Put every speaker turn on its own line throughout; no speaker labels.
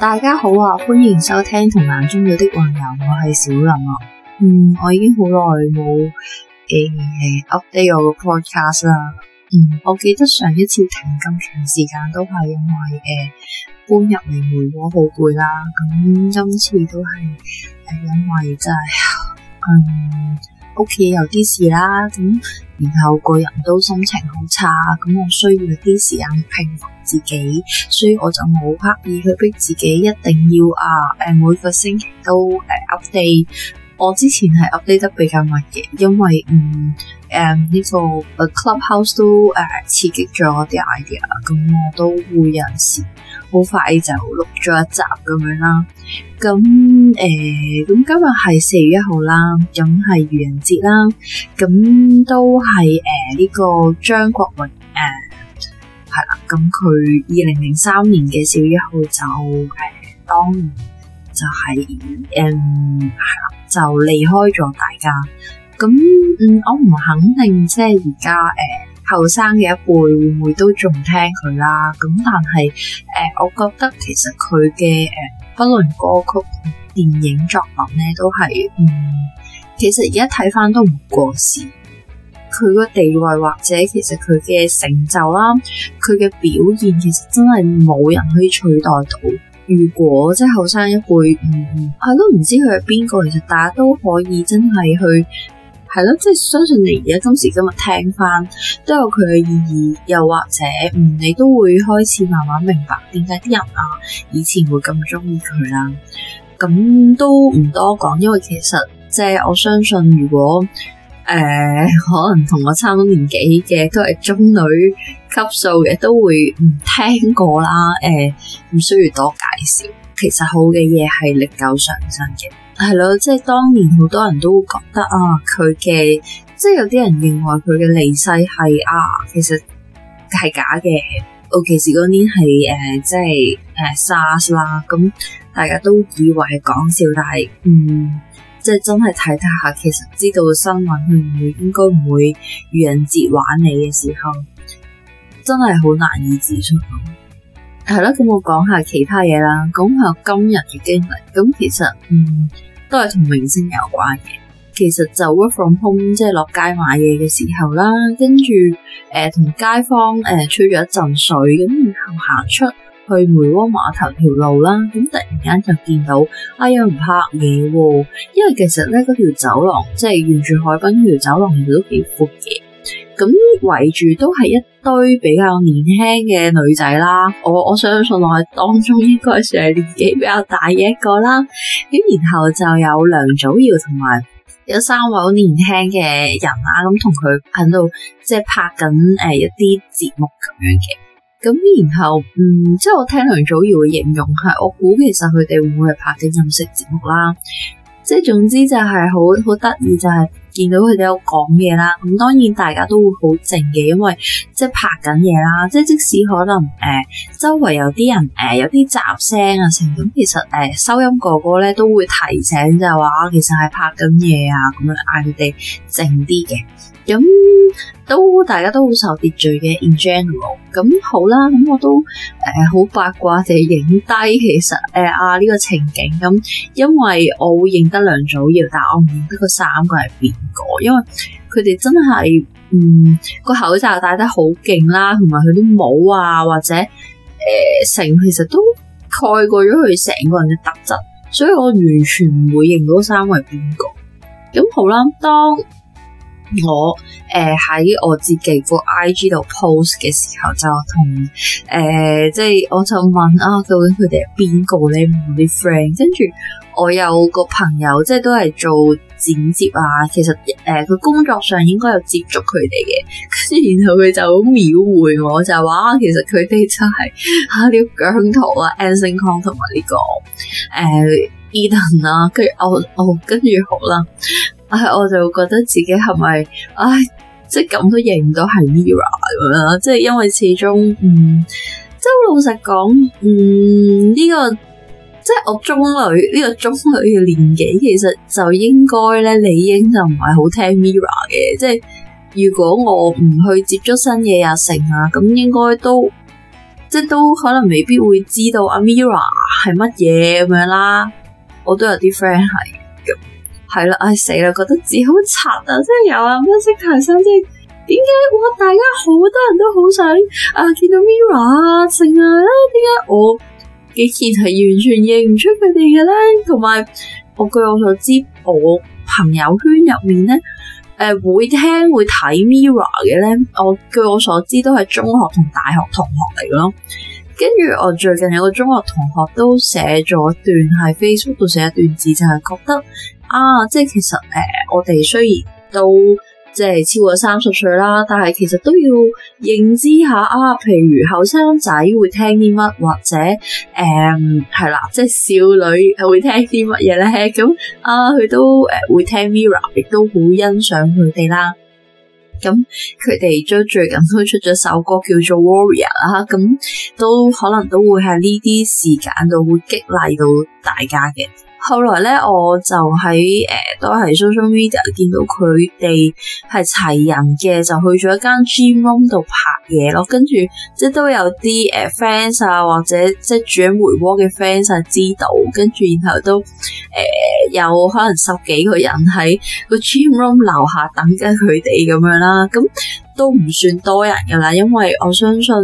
大家好啊，歡迎收聽《同男中有的雲遊》，我係小林啊。嗯，我已經好耐冇誒 update 我個 podcast 啦。嗯，我記得上一次停咁長時間都係因為誒、欸、搬入嚟梅窩好攰啦。咁、嗯、今次都係因為真係嗯屋企有啲事啦。咁、嗯、然後個人都心情好差，咁、嗯、我需要啲時間去平復。自己，所以我就冇刻意去逼自己一定要啊。誒，每個星期都誒 update、啊。我之前係 update 得比較密嘅，因為嗯誒呢、啊這個誒 clubhouse 都誒、啊、刺激咗我啲 idea，咁我都會有時好快就錄咗一集咁樣、啊、啦。咁誒咁今日係四月一號啦，咁係愚人節啦，咁都係誒呢個張國榮。咁佢二零零三年嘅小月一號就誒、呃，當年就係、是、嗯、呃、就離開咗大家。咁嗯，我唔肯定即係而家誒後生嘅一輩會唔會都仲聽佢啦。咁、嗯、但係誒、呃，我覺得其實佢嘅誒不論歌曲同電影作品咧，都係嗯其實而家睇翻，都唔過時。佢個地位或者其實佢嘅成就啦，佢嘅表現其實真係冇人可以取代到。如果即後生一輩，嗯，係咯，唔知佢係邊個，其實大家都可以真係去，係咯，即相信你而家今時今日聽返都有佢嘅意義，又或者嗯，你都會開始慢慢明白點解啲人啊以前會咁鍾意佢啦。咁都唔多講，因為其實即我相信如果。誒、呃、可能同我差唔多年紀嘅都係中女級數嘅都會唔聽過啦，誒、呃、唔需要多介紹。其實好嘅嘢係歷久常新嘅，係咯，即係當年好多人都會覺得啊，佢嘅即係有啲人認為佢嘅離世係啊，其實係假嘅。尤其是嗰年係誒即係誒 SARS 啦，咁、嗯、大家都以為係講笑，但係嗯。即係真係睇睇下，其實知道個新聞，佢唔會應該唔會愚人節玩你嘅時候，真係好難以自處。係咯，咁我講下其他嘢啦。講下今日嘅經歷，咁其實嗯都係同明星有關嘅。其實就 work from home，即係落街買嘢嘅時候啦、呃，跟住誒同街坊誒吹咗一陣水，咁然後行出。去梅窩碼頭條路啦，咁突然間就見到啊有人拍嘢，因為其實咧嗰條走廊即係沿住海濱嗰條走廊，其實都幾闊嘅。咁圍住都係一堆比較年輕嘅女仔啦。我我相信我係當中應該算係年紀比較大嘅一個啦。咁然後就有梁祖堯同埋有三位好年輕嘅人啊，咁同佢喺度即係拍緊誒一啲節目咁樣嘅。咁然後，嗯，即係我聽梁祖堯嘅形容係，我估其實佢哋會係拍緊飲食節目啦，即係總之就係好好得意，就係、是、見到佢哋有講嘢啦。咁當然大家都會好靜嘅，因為即係拍緊嘢啦。即係即使可能誒、呃、周圍有啲人誒、呃、有啲雜聲啊成，咁其實誒、呃、收音哥哥咧都會提醒就係話，其實係拍緊嘢啊，咁樣嗌佢哋靜啲嘅。咁、嗯。都大家都好受秩序嘅 In general，咁好啦，咁我都誒好八卦地影低其實誒、呃、啊呢、呢個情景咁、嗯，因為我會認得梁祖堯，但我唔認得嗰三個係邊個，因為佢哋真係嗯個口罩戴得好勁啦，同埋佢啲帽啊或者誒成、呃，其實都蓋過咗佢成個人嘅特質，所以我完全唔會認到三個係邊個。咁好啦，當。我誒喺、呃、我自己個 IG 度 post 嘅時候，就同誒、呃、即係我就問啊，究竟佢哋係邊個咧？問啲 friend，跟住我有個朋友即係都係做剪接啊，其實誒佢、呃、工作上應該有接觸佢哋嘅，跟住然後佢就好秒回我，就話其實佢哋就係、是、啊呢個姜濤啊，Anson Kong 同埋呢個、呃、Eden 啊，跟住哦哦跟住好啦。係，我就覺得自己係咪，唉，即係咁都認唔到係 MIRROR 咁樣啦。即係因為始終，嗯，即係老實講，嗯，呢個即我中女呢個中女嘅年紀，其實就應該呢，理應就唔係好聽 MIRROR 嘅。即如果我唔去接觸新嘢啊成啊，咁應該都即都可能未必會知道阿 MIRROR 係乜嘢咁樣啦。我都有啲 friend 係。係啦，唉、啊、死啦！覺得字好賊啊，真係有啊。金色泰山先。係點解？哇！大家好多人都好想啊，見到 MIRROR 啊，成日咧，點解我竟然係完全認唔出佢哋嘅咧？同埋我據我所知，我朋友圈入面咧，誒會聽會睇 MIRROR 嘅咧。我據我所知都係中學同大學同學嚟咯。跟住我最近有個中學同學都寫咗段喺 Facebook 度寫一段字，就係、是、覺得。啊，即係其實誒、呃，我哋雖然都即係超過三十歲啦，但係其實都要認知下啊。譬如後生仔會聽啲乜，或者誒係、嗯、啦，即係少女會聽啲乜嘢咧。咁啊，佢都誒、呃、會聽 MIRROR，亦都好欣賞佢哋啦。咁佢哋將最近推出咗首歌叫做 Warrior 啦、啊，咁都可能都會喺呢啲時間度會激勵到大家嘅。後來咧，我就喺誒、呃，都係 social media 見到佢哋係齊人嘅，就去咗一間 gym room 度拍嘢咯。跟住即係都有啲誒 fans 啊，或者即係住喺梅窩嘅 fans 知道，跟住然後都誒、呃、有可能十幾個人喺個 gym room 樓下等緊佢哋咁樣啦，咁、嗯。都唔算多人噶啦，因為我相信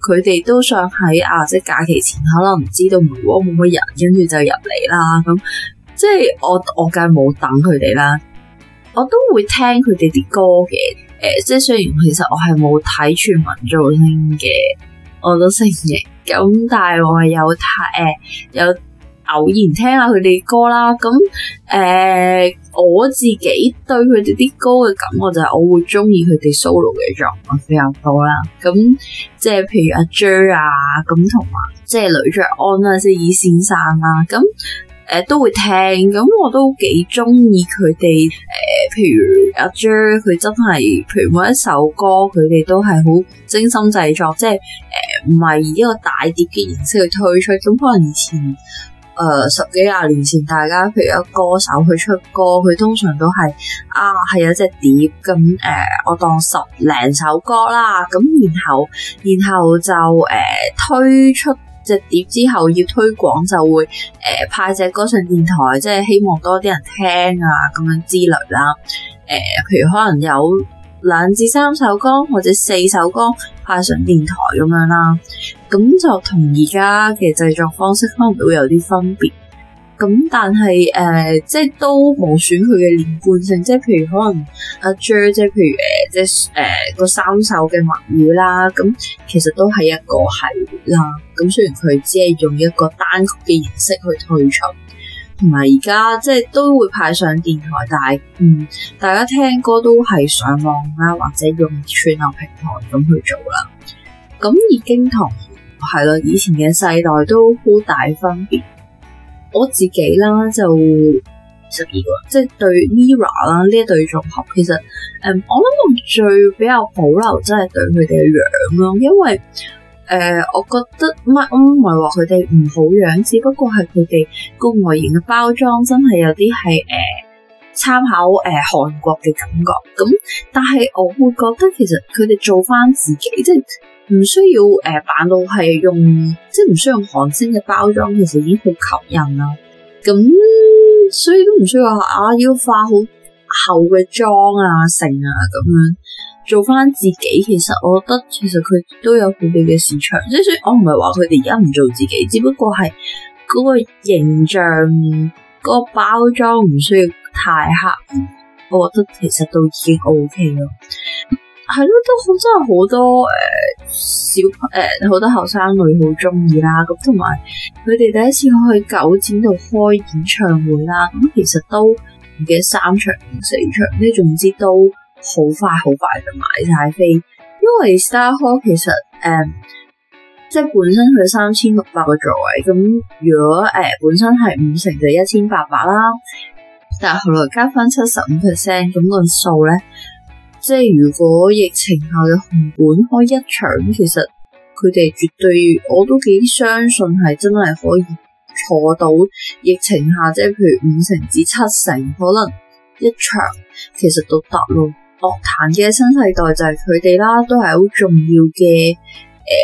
佢哋都想喺啊，即係假期前可能唔知道梅窩冇乜人，跟住就入嚟啦。咁即係我我梗係冇等佢哋啦，我都會聽佢哋啲歌嘅。誒、呃，即係雖然其實我係冇睇全民造星嘅，我都承認。咁但係我係有睇誒有。呃有偶然聽下佢哋歌啦，咁誒、呃、我自己對佢哋啲歌嘅感覺就係，我會中意佢哋 solo 嘅作品比較多啦。咁即係譬如阿 J、er、啊，咁同埋即係呂爵安啊，即係 E 先生啊，咁誒、呃、都會聽。咁我都幾中意佢哋誒，譬如阿 J 佢、er，真係，譬如每一首歌佢哋都係好精心製作，即係誒唔係以一個大碟嘅形式去推出。咁可能以前。誒、呃、十幾廿年前，大家譬如一個歌手佢出歌，佢通常都係啊，係有隻碟咁誒、呃，我當十零首歌啦咁，然後然後就誒、呃、推出隻碟之後，要推廣就會誒派隻歌上電台，即係希望多啲人聽啊咁樣之類啦。誒、呃，譬如可能有兩至三首歌或者四首歌，派上電台咁樣啦，咁就同而家嘅製作方式可能會有啲分別。咁但係誒、呃，即係都冇損佢嘅連貫性。即係譬如可能阿 Jer 即係譬如誒、呃，即係誒、呃、嗰三首嘅默語啦，咁其實都係一個系列啦。咁雖然佢只係用一個單曲嘅形式去推出。同埋而家即係都會派上電台，但係嗯，大家聽歌都係上網啦，或者用串流平台咁去做啦。咁已經同係咯，以前嘅世代都好大分別。我自己啦就十二個即係對 MIRROR 啦呢一對組合，其實嗯，我諗我最比較保留真係對佢哋嘅樣咯，因為。誒、呃，我覺得乜唔係話佢哋唔好樣，只不過係佢哋個外形嘅包裝真係有啲係誒參考誒韓、呃、國嘅感覺咁、嗯。但係我會覺得其實佢哋做翻自己，即係唔需要誒扮、呃、到係用即係唔需要用韓星嘅包裝，其實已經好吸引啦。咁、嗯、所以都唔需要話啊要化好。厚嘅妝啊、成啊咁樣做翻自己，其實我覺得其實佢都有佢哋嘅市場。即係所以我唔係話佢哋而家唔做自己，只不過係嗰個形象、嗰、嗰個包裝唔需要太黑。我覺得其實都已經 O K 咯，係咯，都真係好多誒、呃、小誒好、呃、多後生女好中意啦。咁同埋佢哋第一次去九展度開演唱會啦，咁、啊、其實都～嘅三場定四場呢，總之都好快好快就買晒飛，因為 Star Hall 其實誒、uh, 即係本身佢三千六百個座位咁，如果誒、uh, 本身係五成就一千八百啦，但係後來加翻七十五 percent 咁個數咧，即係如果疫情後嘅紅館開一場，其實佢哋絕對我都幾相信係真係可以。坐到疫情下，即係譬如五成至七成，可能一場其實都得咯。樂壇嘅新世代就係佢哋啦，都係好重要嘅誒、欸、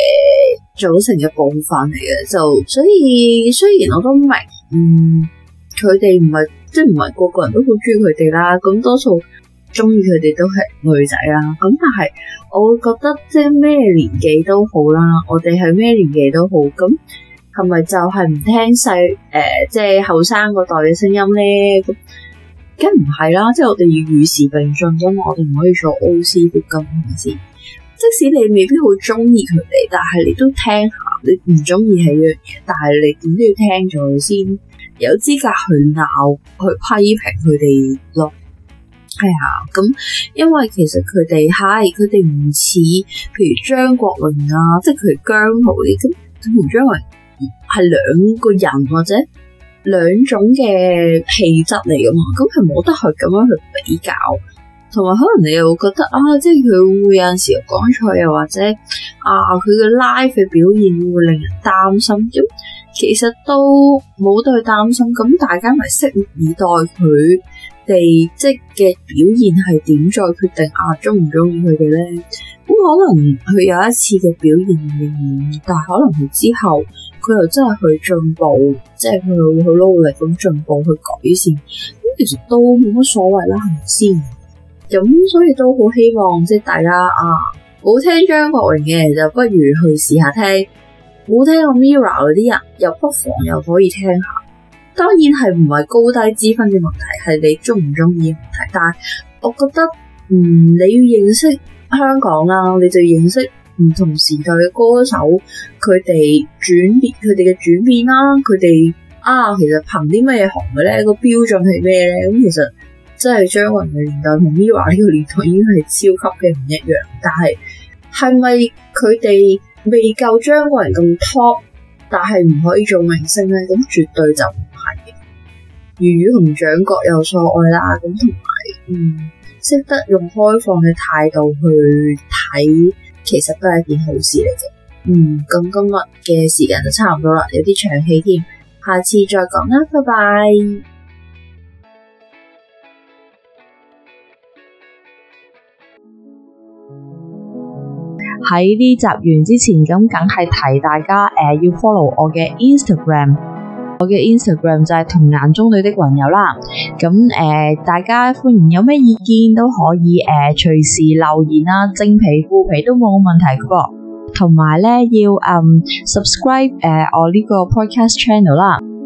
組成嘅部分嚟嘅。就所以雖然我都明，嗯，佢哋唔係即係唔係個個人都好中意佢哋啦。咁多數中意佢哋都係女仔啦。咁但係我會覺得，即係咩年紀都好啦，我哋係咩年紀都好咁。係咪就係唔聽細誒、呃，即係後生嗰代嘅聲音咧？梗唔係啦，即係我哋要與時並進，因為我哋唔可以做 O C 基金係咪先？即使你未必會中意佢哋，但係你都聽下。你唔中意係樣嘢，但係你點都要聽咗先有資格去鬧去批評佢哋咯。係、哎、啊，咁因為其實佢哋係佢哋唔似，譬如張國榮啊，即係佢姜濤，啲咁同張國榮。係兩個人或者兩種嘅氣質嚟噶嘛，咁係冇得去咁樣去比較，同埋可能你又覺得啊，即係佢會有陣時講錯又或者啊，佢嘅 live 嘅表現會令人擔心，咁其實都冇對擔心，咁大家咪拭目以待佢哋即嘅表現係點再決定啊鍾唔鍾意佢哋咧。咁可能佢有一次嘅表現仍然，但係可能佢之後佢又真係去進步，即係佢會去努力咁進步去改善。咁其實都冇乜所謂啦，係咪先？咁所以都好希望即係大家啊，冇聽張國榮嘅就不如去試下聽，冇聽過 MIRROR 嗰啲人又不妨又可以聽下。當然係唔係高低之分嘅問題，係你中唔中意嘅問題。但係我覺得，嗯，你要認識。香港啦、啊，你就認識唔同時代嘅歌手，佢哋轉變，佢哋嘅轉變啦、啊，佢哋啊，其實憑啲乜嘢行嘅咧？個標準係咩咧？咁其實真係張國榮嘅年代同 MIRROR 啊呢個年代已經係超級嘅唔一樣。但係係咪佢哋未夠張國榮咁 top，但係唔可以做明星咧？咁絕對就唔係。魚魚同掌各有所愛啦。咁同埋嗯。識得用開放嘅態度去睇，其實都係一件好事嚟嘅。嗯，咁今日嘅時間就差唔多啦，有啲長氣添，下次再講啦，拜拜。喺呢集完之前，咁梗係提大家誒、呃，要 follow 我嘅 Instagram。我嘅 Instagram 就係童顏中女的群友啦，咁、呃、大家歡迎，有咩意見都可以誒、呃，隨時留言啦，精皮粗皮都冇問題噶，同埋咧要、嗯、subscribe、呃、我呢個 podcast channel 啦。